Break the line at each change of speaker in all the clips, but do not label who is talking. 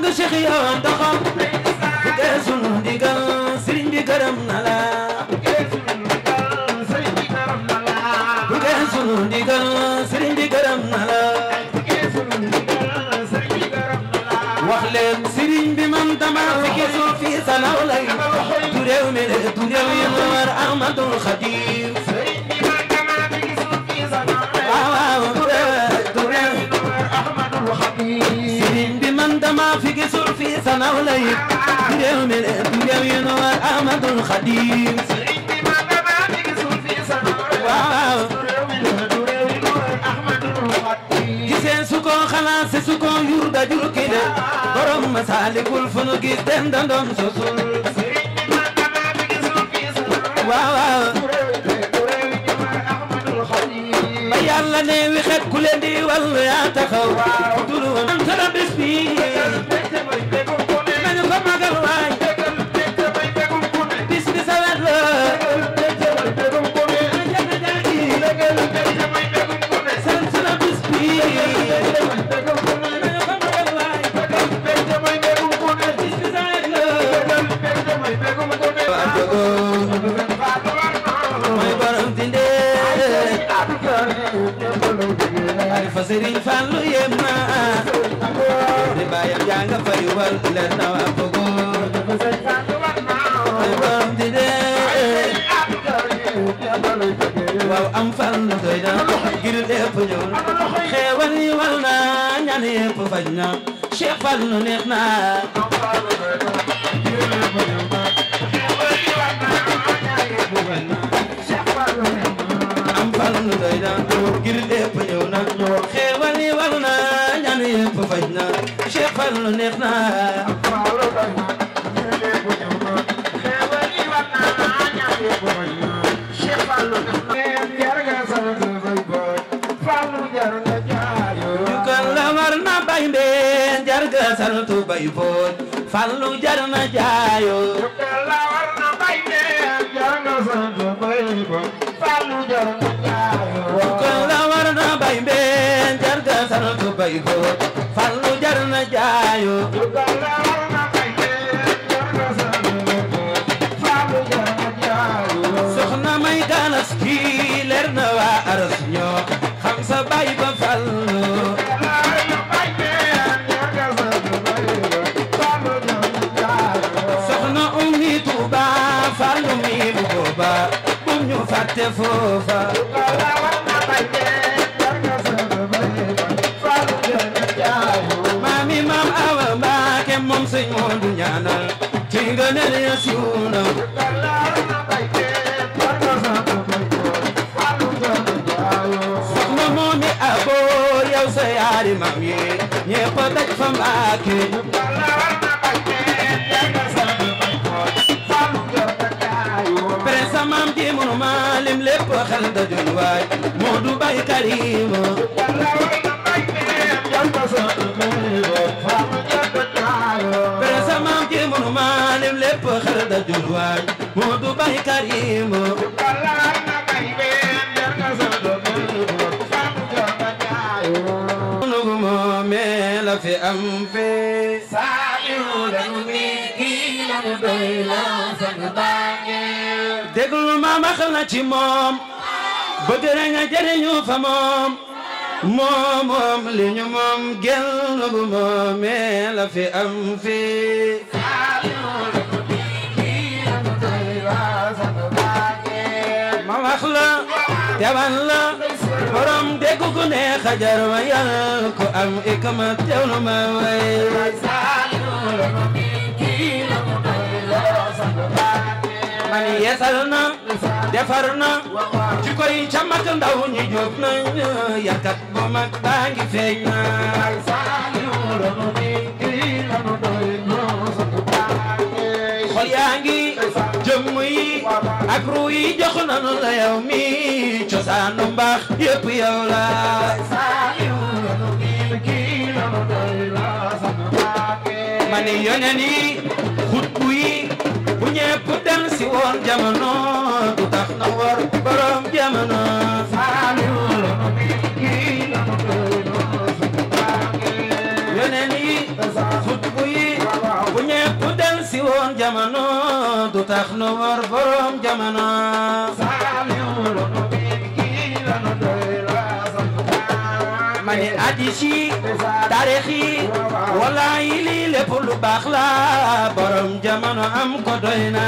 nga Cheikh yaa ndaxam bu dee sunu ndigal sëriñ bi gërëm na la bu dee sunu ndigal sëriñ mawlayi réew mi réew yi nu war Ahmadul Xadim waaw gisee su ko xalaase su ko yur da jur ki de borom Masaalikul fu nu gis den dandoom sosul waaw yàlla ne wi xet ku leen di wàllu yaa taxaw. waaw du lu woon. waaw am fal na doy na ngir lépp ñëw xeewal yi wal na ñaan yépp faj na Cheikh Fall nu neex na am fal nu doy na ngir lépp ñëw na xeewal yi wal na ñaan yépp faj na Cheikh Fallou fallu jar na fallu jar na jaayo la war na jar soxna may ganas kii leer na waa aras xam sa bay ba fal soxna um hi tuuba fal um hi bu booba bum ñu fàtte foofa sa yaari maam yi ñépp daj fa Mbàkke presa maam ji munu maalim lépp xel dajul waay moo du bay karima presa maam ji munu maalim lépp xel dajul waay moo du bay karima déglu ma ma ci moom bëgg nga jëriñu fa moom moom li ñu moom gel bu moomee la fi am fii ma wax la teban la borom dégg ku xajar wa yàlla ku am ikama teewlu ma way man yeesal na defar na ci koy ca mag ndaw ñi jóg na yarkat bu mag baa ngi feeñ na xol yaa ngi jëmm yi ak ruu yi jox nanu la yow mi cosaanu mbaax yëpp yow la man yoneen yi ñépp dem si woon jamono du tax na war borom jamono yeneen yi xutbu yi bu ñépp du tax na war borom jamono hadis yi taarix yi wallaay lii lépp baax la borom jamono am ko doy na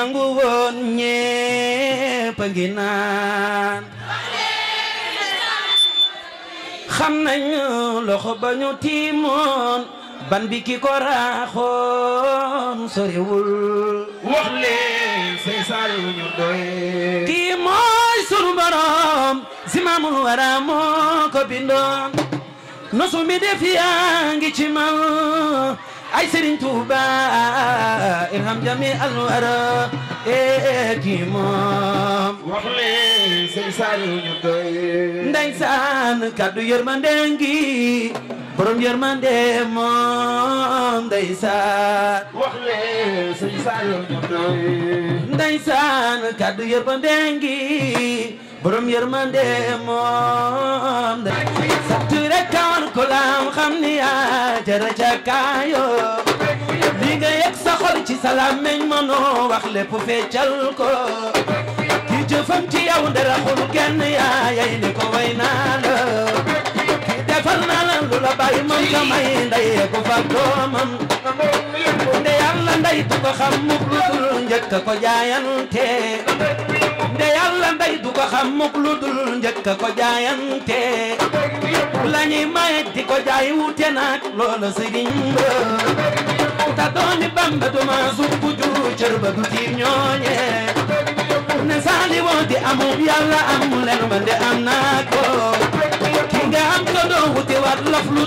a ngi naan xam nañu ba ñu kii mooy sunu borom si maamul ko bindoon nosu mi def ngi ci man ay Serigne Touba irham jami al wara e, e ki moom wax leen Serigne Saliou ñu doy ndeysaan kaddu yërmande ngi borom yërmande moom ndeysaan wax leen Serigne Saliou ñu doy ndeysaan kaddu yërmande ngi borom yërmande moom sant rek kan ko laam xam ni yaa jara ca kaayoo li nga yëg sa xol ci salaam meñ mënoo wax lépp feccal ko ki jëfam ci yow ndara xul kenn yaa yay ko way naa defal naa la lu la bàyyi moom may ndayee ko fab doomam nde yàlla nday du ko xam mukk lu dul ko jaayante de yàlla ndey du ko xam mukk njëkk ko jaayante lañuy maye di ko jaay wute naag loola sëriñ ba ta Bamba du ma sukk jur cër ba du tiir ñooñe ne saali woo di amub yàlla am leen man am naa ko ki am ko doo wuti waat laf lu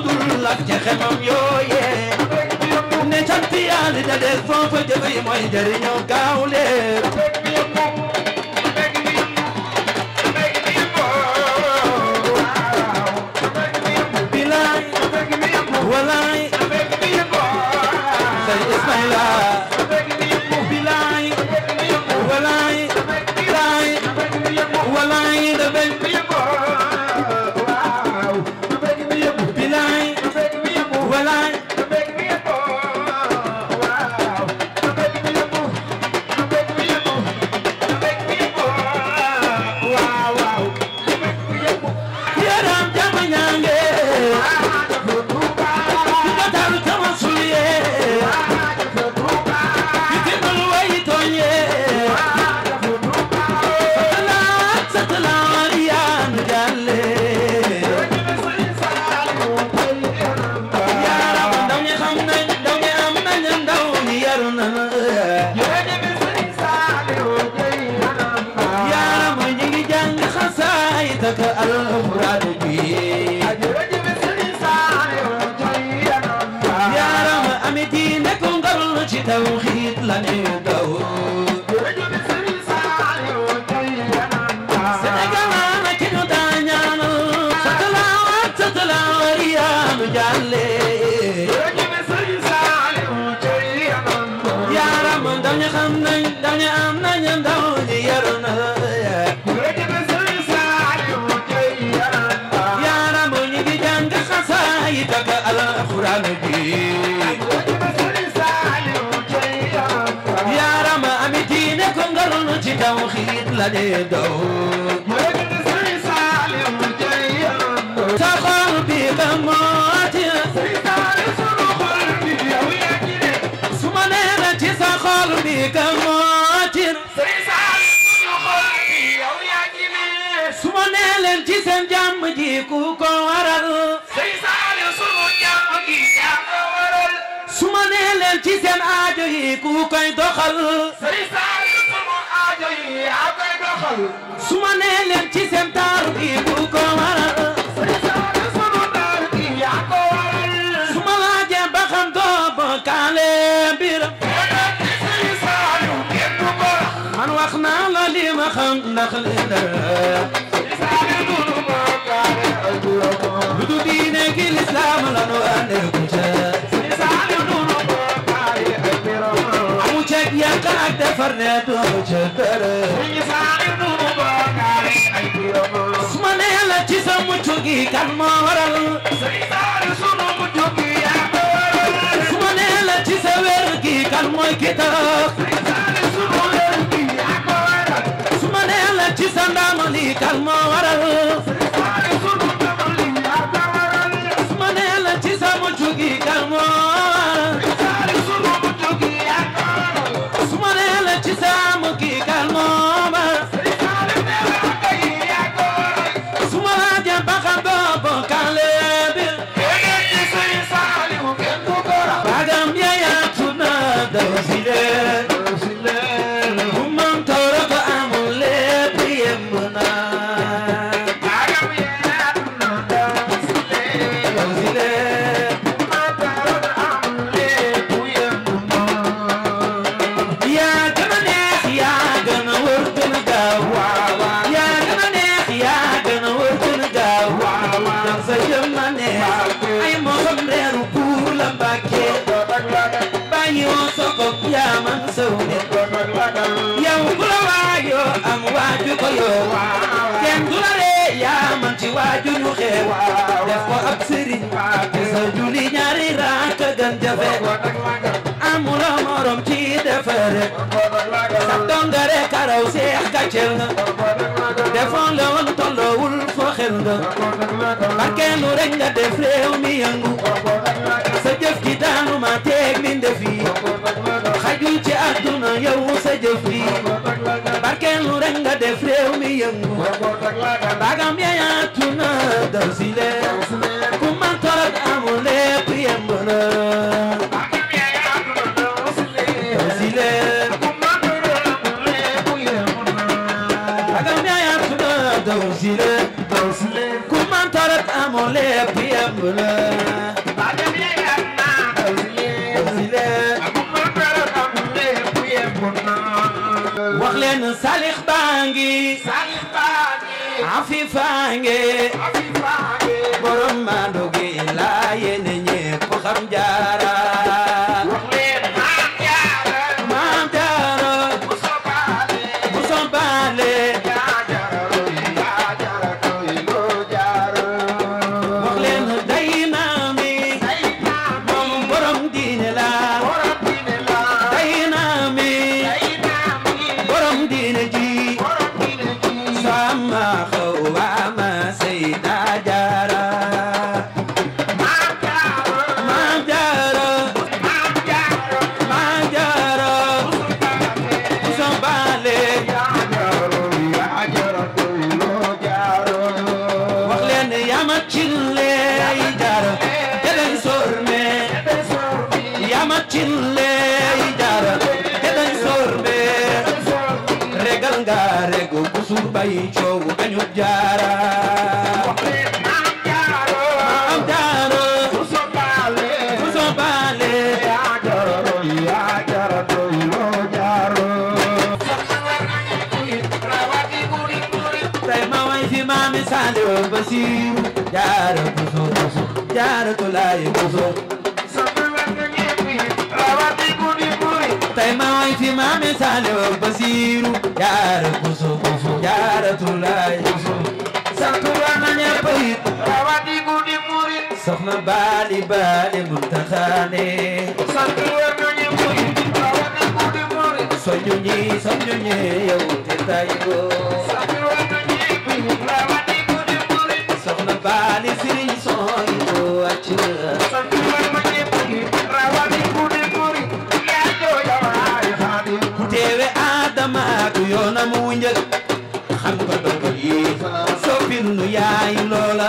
laf ca xemam yooye ne sant yàlla foofa jëf yi mooy jëriñoo gaaw leen ci seen aajo yi ku koy doxal yaa koy doxal su ma nee leen ci seen taaru bi bu ko waral sunu taaru bi yaa ko waral su ma laajee ba xam doo bokkaale mbiram man wax naa la li ma xam ndax li lu du diine gi lislaam la nu ande defar ne doo ca dara su ma nee ci sa gi kan moo waral su ma nee ci sa gi kan mooy ki su ma nee ci sa li kan moo waral waaju ko yow kenn du la ree yaa man ci waaju ñu xew def ko ab sëriñ te sa julli ñaari raak gën jafe amuloo morom ci defare sa dongare karaw seex gàcceel nga defoon la woon tolloowul fo xel nga barkeelu rek nga def réew mi yëngu yëngu njaboot ak laaga bagam yaatu na daw si leen afifaange borom maandu gi laa yéene ñépp xam jaara nañ bàyyi coowu kañu jaara jaara buso buso jaara tulaay buso laay sant war na ñëpp it rawati guddi murit soxna baali baali muntaxaane sant war na ñëpp it rawati guddi murit sunu yaay loola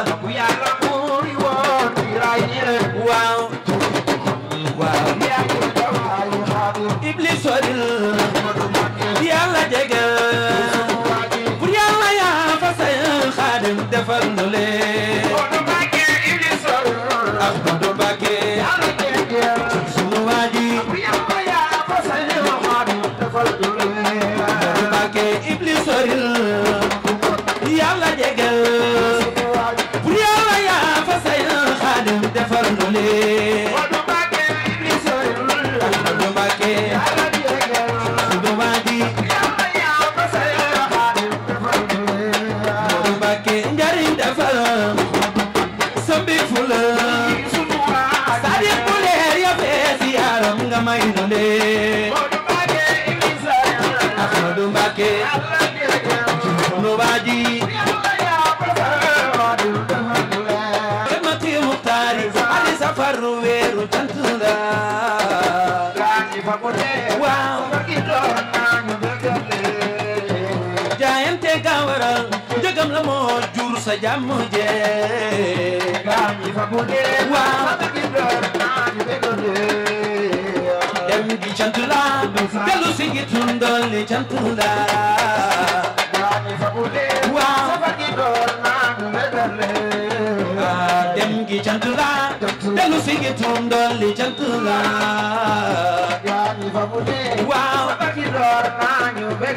jaayante gaa waral njëgam la moo jur sa jàmm jee waaw waaw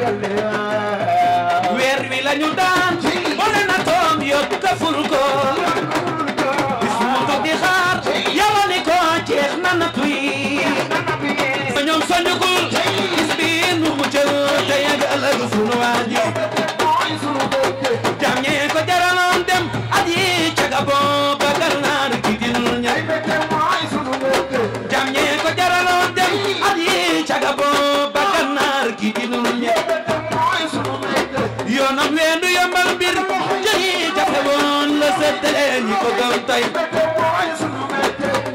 ah, waaw xeer wi la ñu daan a na toom yóbbu ko furu ko bis mu toog di xaar yàlla ni ko jeex na nattu yi sa ñoom soñugul bis bi nu mu jël te yàgg ëllëg sunu waaj jaam ñee ko jaral way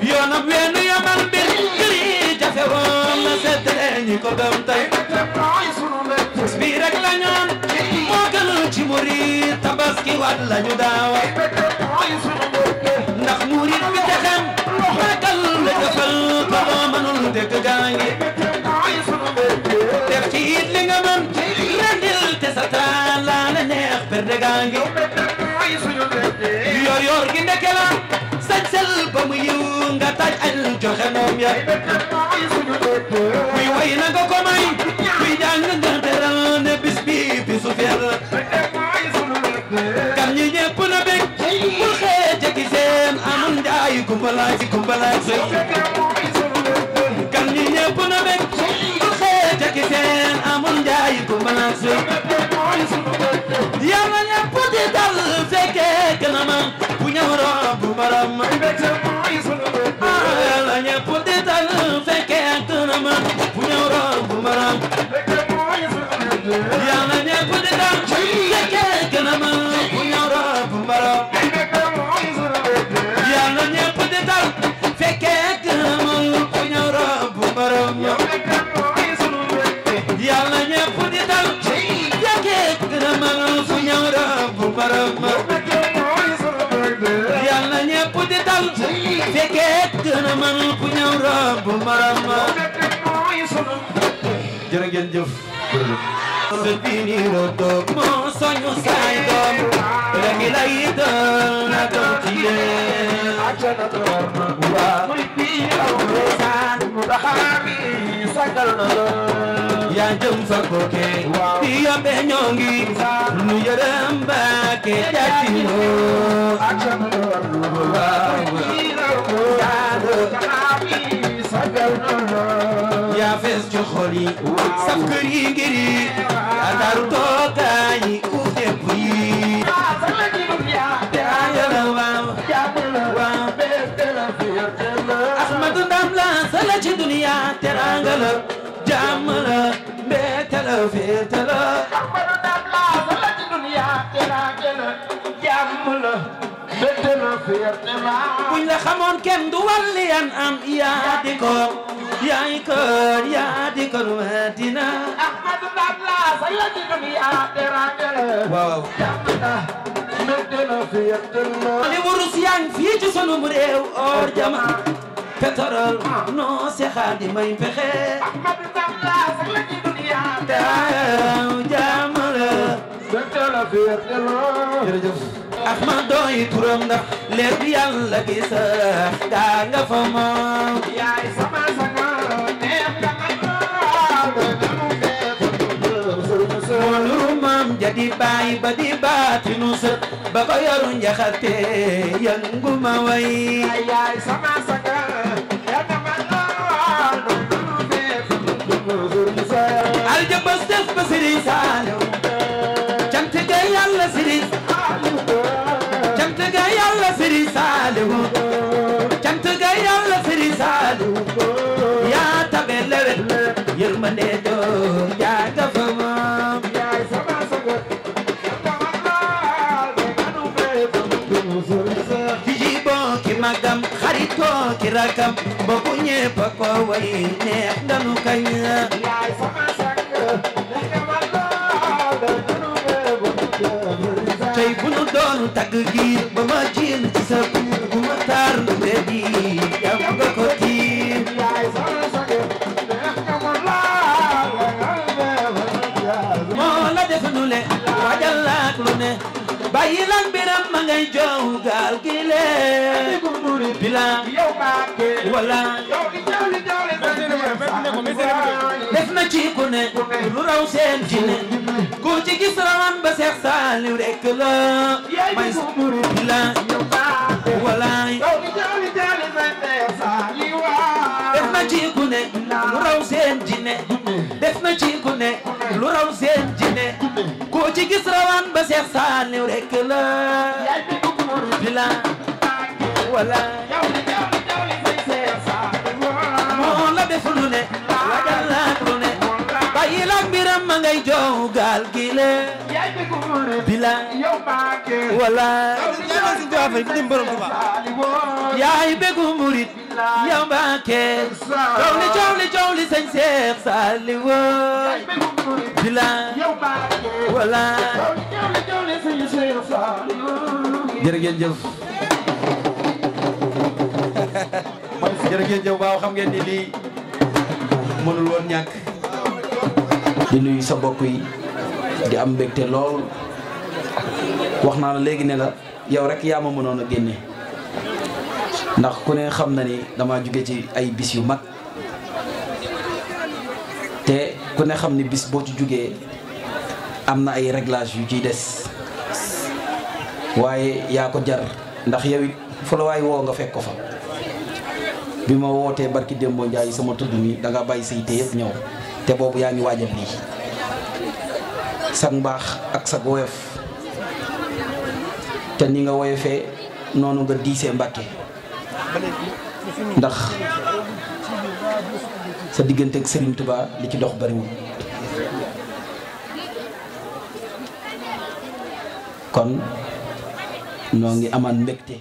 yoonam weenu yomal mbir kër yi jafe woon ko gëm tey bis bi rek la ñoon moo gën ci la ñu daawa ndax murid bi li nga mën rendil te sa taal la neex perte gaa yiw nga taaj añ joxe moom ya kuy way na nga ko may kuy jàng nga teral ne bis bi bisu feer la kam ñi ñépp na bég bu xeeje ki seen amul njaay kumbalaay si kumbalaay sëy kam ñi ñépp na bég bu xeeje ki seen amul njaay kumbalaay sëy yàlla ñépp di dal fekkee kanamam bu ñëw romb maram a Yeah. fekkee gën a mën ku ñëw romb marama jërë ngeen jëf sët bi nii la toog moo soñu saay doom léegi lay doon la doon ci yéen waa muy bii aw ndeysaan mu sagal na lool yaa jëm sa kooke di yombe ñoo ngi nu yërëm Mbàkke jàttino ak yaa fees ci xol yi saf kër yi ngir yi ataaru toogaay yi u dépp yi Ahmadu ndam la sala ci duniya teranga la buñ la xamoon kenn du walli yan am yaa di ko yaay ko yaa di ko lu dina ahmadu dabla say la ci dunya teranga waaw tamata medena fi yatna li wurus yang fii ci sunu réew or jama pétrole non se xaadi may pexe ahmadu dabla say la ci jërëjëf ak ma doy turam ndax leer bi yàlla bi sax gaa nga fa moom yaay sama sanga neex nga ma doy na mu def moolu maam ja di baay ba di baatinu sët ba ko yoru njaxate yëngu ma way yaay sama sanga ba Serigne Saliou cant ga yàlla Serigne Saliou cant ga yàlla Serigne Saliou cant ga yàlla Serigne Saliou yaa tabe lewet yërmande doom yaa dafa moom yaay sama sago fiji bon ki magam xaritoo ki rakam mbokku ñépp ko way neex nganu kañ tagg gi ba ma jéem ci sa buur bu bàyyi lan biram ma ngay joow gaal gi lee bila wala def na ci ku lu raw seen ci ne ku ci gis rawan ba seex saaliw rekk la may bila wala def na ci ku ne lu raw seen ci ne na ci gune lu raw seen ku ci gis rawan ba seex saaliw rek la bila wala moo la def lu ne biram ma ngay joow gaal gile bila wala yaay begu murit yow Mbàkke coow li coow li coow li sëñ Seex Saaliwu bila wala jërë ngeen jëf jërë ngeen jëf waaw xam ngeen ni lii mënul woon ñàkk di sa mbokk yi di am mbégte lool wax naa la léegi ne la yow rek yaa ma mënoon a génne ndax ku ne xam na ni dama jóge ci ay bis yu mag te ku ne xam ni bis boo ci jógee am na ay réglage yu ci des waaye yaa ko jar ndax yow it fu la waay woo nga fekk ko fa bi ma wootee barki démboo Njaay sama tudd mi da nga bàyyi say té yëpp ñëw te boobu yaa ngi waajal lii sag mbaax ak sag woyof te ni nga woyofee noonu nga diisee mbàkke ndax sa diggante ak Serigne Touba li ci dox bariwul kon noo ngi amaan mbégte